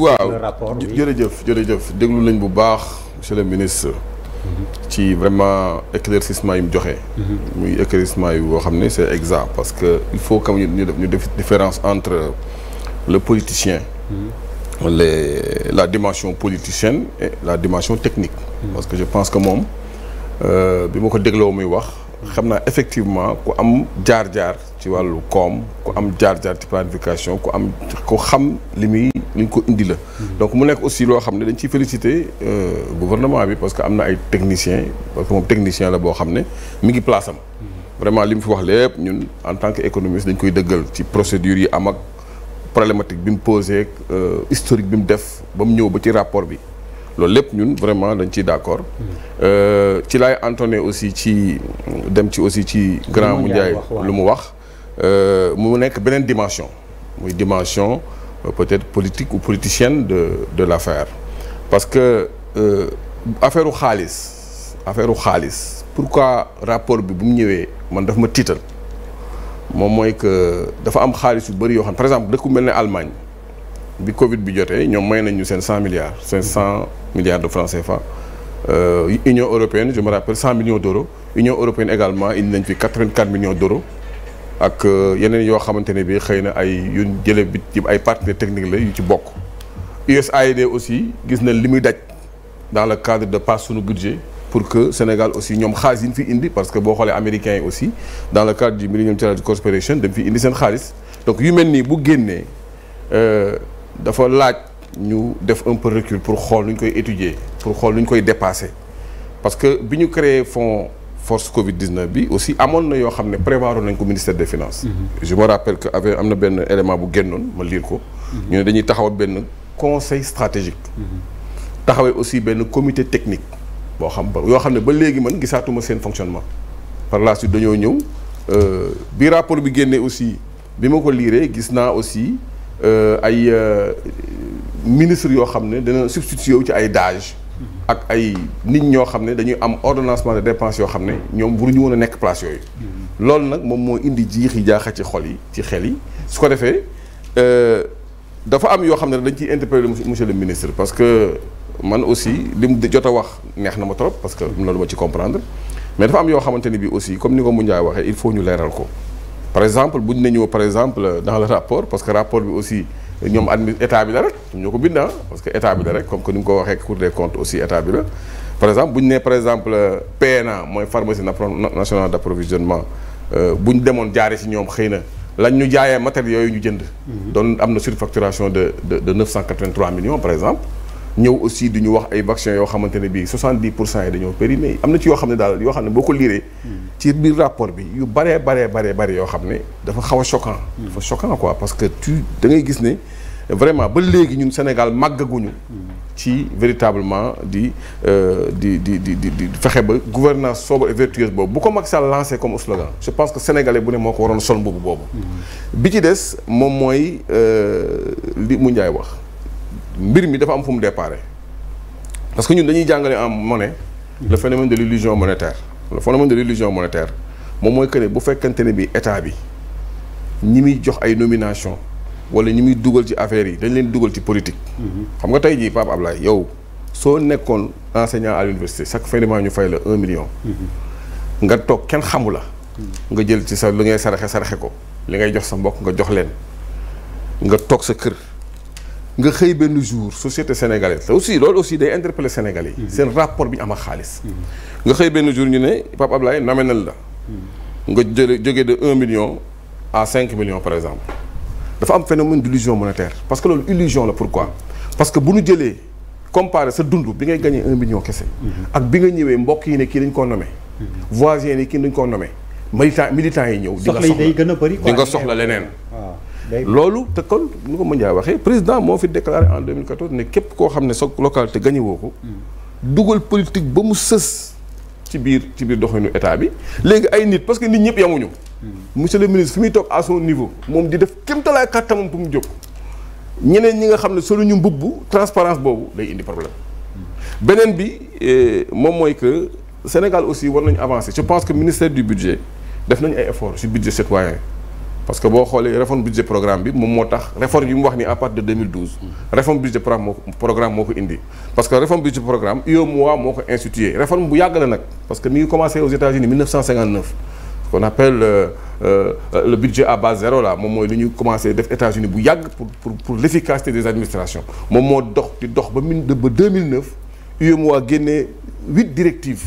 waaw jërëjëf jërëjëf déglu nañ bu baax monsieur le ministre mhm. ci vraiment éclaircissement yu mu joxe. Mhm. muy éclaircissement yu boo xam ne c'est exact parce que il faut que ñu def ñu def différence entre le politicien. Mhm. les la dimension politicienne et la dimension technique. parce que je pense que moom euh, bi ma ko dégloo muy wax. xam naa effectivement ku am jaar-jaar ci wàllu koom ku am jaar-jaar ci planification ku am ku xam li muy li ñu ko indi la. donc mu nekk aussi loo xam ne dañ ciy féliciter euh, gouvernement bi parce que am na ay techniciens parce que moom technicien la boo xam ne mi ngi place am. vraiment li mu fi wax lépp ñun en tant que économiste dañ koy dëggal ci procédures yi am ak problématique bi mu posé euh, historique bi mu def ba mu ñëw ba ci rapport bi. loolu lépp ñun vraiment dañ ciy d' accord euh, ci lay entonné aussi ci dem ci aussi ci grand mu Ndiaye lu mu wax euh, mu nekk beneen dimension muy dimension euh, peut-être politique ou politicienne de de l' affaire parce que affaire xaalis affaire u xaalis pourquoi rapport bi bu mu ñëwee man daf ma tiital moom mooy que dafa am xaalis yu bëri yoo xam par exemple dëkku mel ni Allemagne bi Covid bi jotee ñoom may nañu seen cent milliards seen cent milliards de francs CFA. Euh, Union européenne je me rappelle cent millions d'euros Union européenne également indi nañ fi quatre-vingt-quatre millions d'euros ak euh, yeneen yoo xamante ne bi xëy na ay yu jële bi ci ay partenaires technique la yu ci bokk. USAID aussi gis na li muy daj dans le cadre de passe sunu budget pour que Sénégal aussi ñoom xaalis yi ñu fi indi parce que boo xoolee américains yi aussi dans le cadre du Millennium Challenge Corporation dañ fi indi seen xaalis donc yu mel nii bu génnee. Euh, dafa laaj ñu def un peu pour xool nu ñu koy étudier pour xool nu ñu koy dépasser parce que bi ñu créé fonds force Covid bi aussi amoon na yoo xam ne prévoir nañ ko ministère de finance mhm. je me rappelle que avec am na benn élément bu génnoon ma lire ko. Mhm. ñu ne dañuy taxawal benn conseil stratégique. Mhm. taxawee aussi benn comité technique. boo xam ba yoo xam ne ba léegi man gisaatuma seen fonctionnement par laas suite dañoo ñëw euh, bi rapport bi génnee aussi bi ma ko liiree gis naa aussi. Euh, ay euh, ministre yoo xam ne dana substitué wu ci ay DAGE ak ay nit ñoo xam ne dañuy am ordonnancement de dépense yoo xam ne ñoom waruñu woon a nekk place yooyu lool nag moom moo indi jiix yi jaaxa ci xol yi ci xel yi su ko defee euh, dafa am yoo xam ne dañ ciy interpeller monsieur le ministre parce que man aussi li mu jot a wax neex na ma trop parce que loolu ma ci comprendre mais dafa am yoo xamante ni bi aussi comme ni ko Moundiaye waxee il faut ñu leeral ko par exemple bu ñu nañoo par exemple euh, dans le rapport parce que rapport bi aussi ñoom admi état bi la rek ñoo ko bind ah, parce que état bi la rek comme que ni mu ko waxee cour des comptes aussi état bi la par exemple bu ñu par exemple euh, PNA mooy pharmacie nationale d' approvisionnement euh, demoon jaaree si ñoom xëy na lañ ñu jaayee matériels yooyu ñu jënd. Mhm. doon am na surfacturation de de de 983 par exemple. ñëw aussi duñu wax ay vaccin yoo xamante ne bii 70 pour cent yi dañoo périmé am na ci yoo xam ne daal yoo xam ne boo ko liiree ci biir rapport bi yu baree baree baree baree yoo xam ne dafa xaw a choquant dafa choquant quoi parce que tu da ngay gis ne vraiment ba léegi ñun Sénégal màggaguñu ci véritablement di euh, di di di di di fexe ba gouvernance sobre et vertueuse boobu bu ko mag Sall lancé comme slogan je pense que sénégalais bu ne moo ko waroon sol mbubu boobu bi ci des moom mooy euh, li mu Ndiaye wax mbir mi dafa am fu mu déparé parce que ñun dañuy jàngale en monnaie le phénomène de l'illusion monétaire le phénomène de l'illusion monétaire moom mooy que ne bu fekkante ne bi état bi ñi muy jox ay nomination wala ñi muy dugal ci affaire yi dañ leen dugal ci politique mm-hmm. xam nga tey jii Pape Ablaye yow soo nekkoon enseignant à l'université chaque fin ñu fay la un million mm-hmm. nga toog kenn xamu la mm-hmm. nga jël ci sa li ngay saraxe saraxe ko li ngay jox sa mbokk nga jox leen nga toog sa kër nga xëy benn jour société sénégalaise te aussi loolu aussi day interpellé sénégalais yi. seen rapport bi ñu am ak xaalis. nga xëy benn jour ñu ne Pape Ablaye nommé la. nga jëlee jógee de un million à cinq million par exemple. dafa am phénomène d'illusion monétaire parce que loolu illusion la pourquoi parce que bu ñu jëlee comparé sa dund bi ngay gagné un million kese. ak bi nga ñëwee mbokk yi ne kii dañ koo nome voisins yi ne kii dañ koo nommé militant yi ñëw. di nga soxla di nga soxla leneen. loolu te kon nu ko mën jaa waxee président moo fi déclaré en 2014 ne képp koo xam ne sa localité gagné woo ko. Hmm. dugal politique ba mu sës ci biir ci biir doxalinu état bi léegi ay nit parce que nit ñëpp yamuñu. Hmm. monsieur le ministre fi muy toog à son niveau moom di def kéem talaay kàttanam bu mu jóg. ñeneen ñi nga xam ne solo ñu mbubb transparence boobu day indi problème hmm. beneen bi eh, moom mooy que Sénégal aussi war nañu avancer je pense que ministère du budget def nañu ay efforts ci budget parce que boo xoolee réforme budget programme bi moom moo tax réforme yi mu wax ni à partir de 2012. réforme budget programme moo ko indi. parce que réforme budget programme UEMOA moo ko institué réforme bu yàgg la nag parce que mi ngi commencé aux États-Unis 1959. qu'on euh, euh, le budget à ba zéro là moom mooy li ñu commencé def États-Unis bu yàgg pour pour pour l'efficacité des administrations moom moo dox di dox ba min ba 2009 UEMOA génnee directives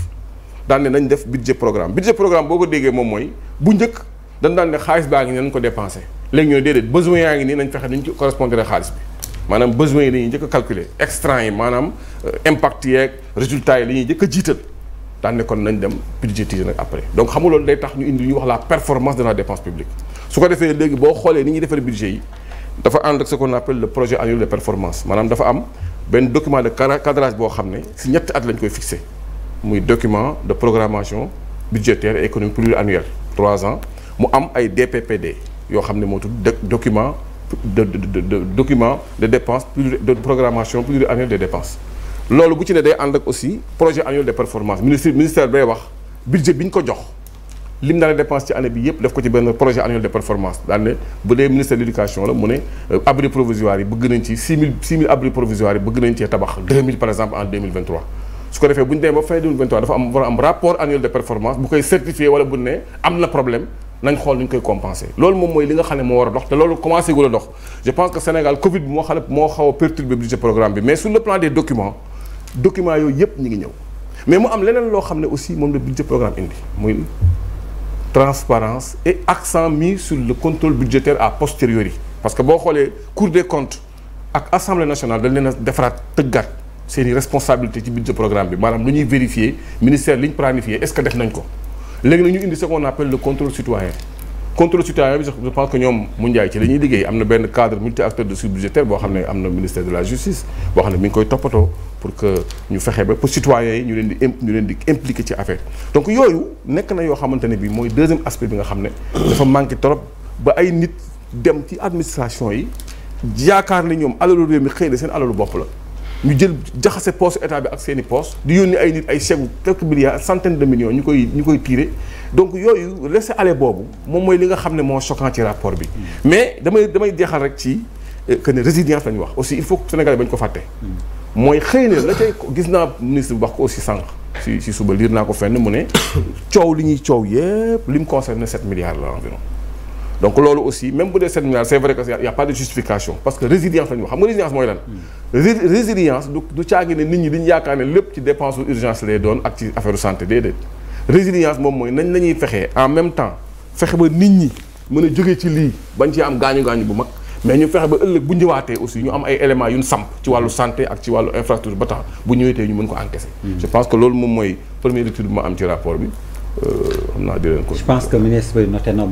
daan ne nañ def budget programme budget programme boo ko déggee moom mooy bu njëkk. dañ daan ne xaalis baa ngi ne nañ ko dépensé léegi ñooy déedéet besoin yaa ngi nii nañ fexe nañ ci a xaalis bi maanaam besoin yi dañuy njëkk a calculer extra yi maanaam euh, impact yeeg résultat yi la ñuy njëkk a jiital daan kon nañ dem budgétiser nag après donc xamul loolu day tax ñu indi ñu wax la performance de la dépense publique su ko defee léegi boo xoolee ni ñuy defar budget yi dafa ànd ak ce qu'on le projet annuel de performance maanaam dafa am benn document de cadrage xam ne si ñetti at lañ koy fixé muy document de programmation budgétaire et économique pluriannuel trois ans mu am ay DPPD yoo xam ne moo tudd document de document de dépense de programmation pluriannuelle des dépenses loolu bu ci ne day ànd ak aussi projet annuel de performance ministère ministère wax budget bi ñu ko jox lim daal dépense ci année bi yëpp def ko ci benn projet annuel de performance daan ne bu dee ministère de l'éducation la mu ne euh, abri provisoire yi bëgg nañ ci 6000 6000 abri provisoire yi bëgg nañ cee tabax par exemple en su ko defee bu ñu a na problème nañ xool nu ñu koy compenser loolu moom mooy li nga xam ne moo war a dox te loolu commencé gula dox je pense que Sénégal Covid bi moo xam ne moo xaw a perturbé budget programme bi mais sur le plan des documents documents yooyu yëpp ñu ngi ñëw mais mu am leneen loo xam ne aussi moom la budget programme indi muy transparence et accent mis sur le contrôle budgétaire à posteriori parce que boo xoolee Cour de comptes ak assemblée nationale dañ leen a defaraat tëggaat seeni responsabilité ci budget bi maanaam lu ñu planifié est-ce que def nañ ko léegi nañu ñu indi ce qu'on appelle le contrôle citoyen contrôle citoyen bi je pense que ñoom mu njaay ci la ñuy liggéey am na benn cadre multi acteur de suivi budgétaire boo xam ne am na ministère de la justice boo xam ne mi ngi koy toppatoo pour que ñu fexe ba pour citoyens yi ñu leen di ñu leen di impliqué ci affaire donc yooyu nekk na yoo xamante ne bi mooy deuxième aspect bi nga xam ne dafa manqué trop ba ay nit dem ci administration yi yaakaar ne ñoom alalu réew xëy na seen alalu bopp la ñu jël jaxase poche état bi ak seen i poche di yónni ay nit ay chèques quelques milliards centaines de millions ñu koy ñu koy tiré donc yooyu laisser aller boobu moom mooy li nga xam ne moo choquant ci rapport bi. mais damay damay jeexal rek ci euh, que ne résilience la ñu wax aussi il faut que Sénégalais bañ ko fàtte. mooy xëy na la tey gis naa ministre bu wax ko aussi sànq. si suba liir naa ko fenn mu ne coow li ñuy coow yépp li mu concerne 7 milliards la donc loolu aussi même bu dee 7 milliards c' est vrai que y' a pas de justification parce que résilience la ñu xam nga résilience mooy lan. résilience du caagi ne nit ñi dañu yaakaar ne lépp ci dépense urgence lay doon ak ci affaire santé déedéet. résilience moom mooy nañ la fexe fexee en même temps fexe ba nit ñi mën a jóge ci lii bañ ci am gaañu gaañu bu mag mais ñu fexe ba ëllëg bu ñëwaatee aussi ñu am ay éléments yu ñu samp ci wàllu santé ak ci wàllu ñu mën ko encaisser. Mm. je que loolu moom mooy première étude bu ma am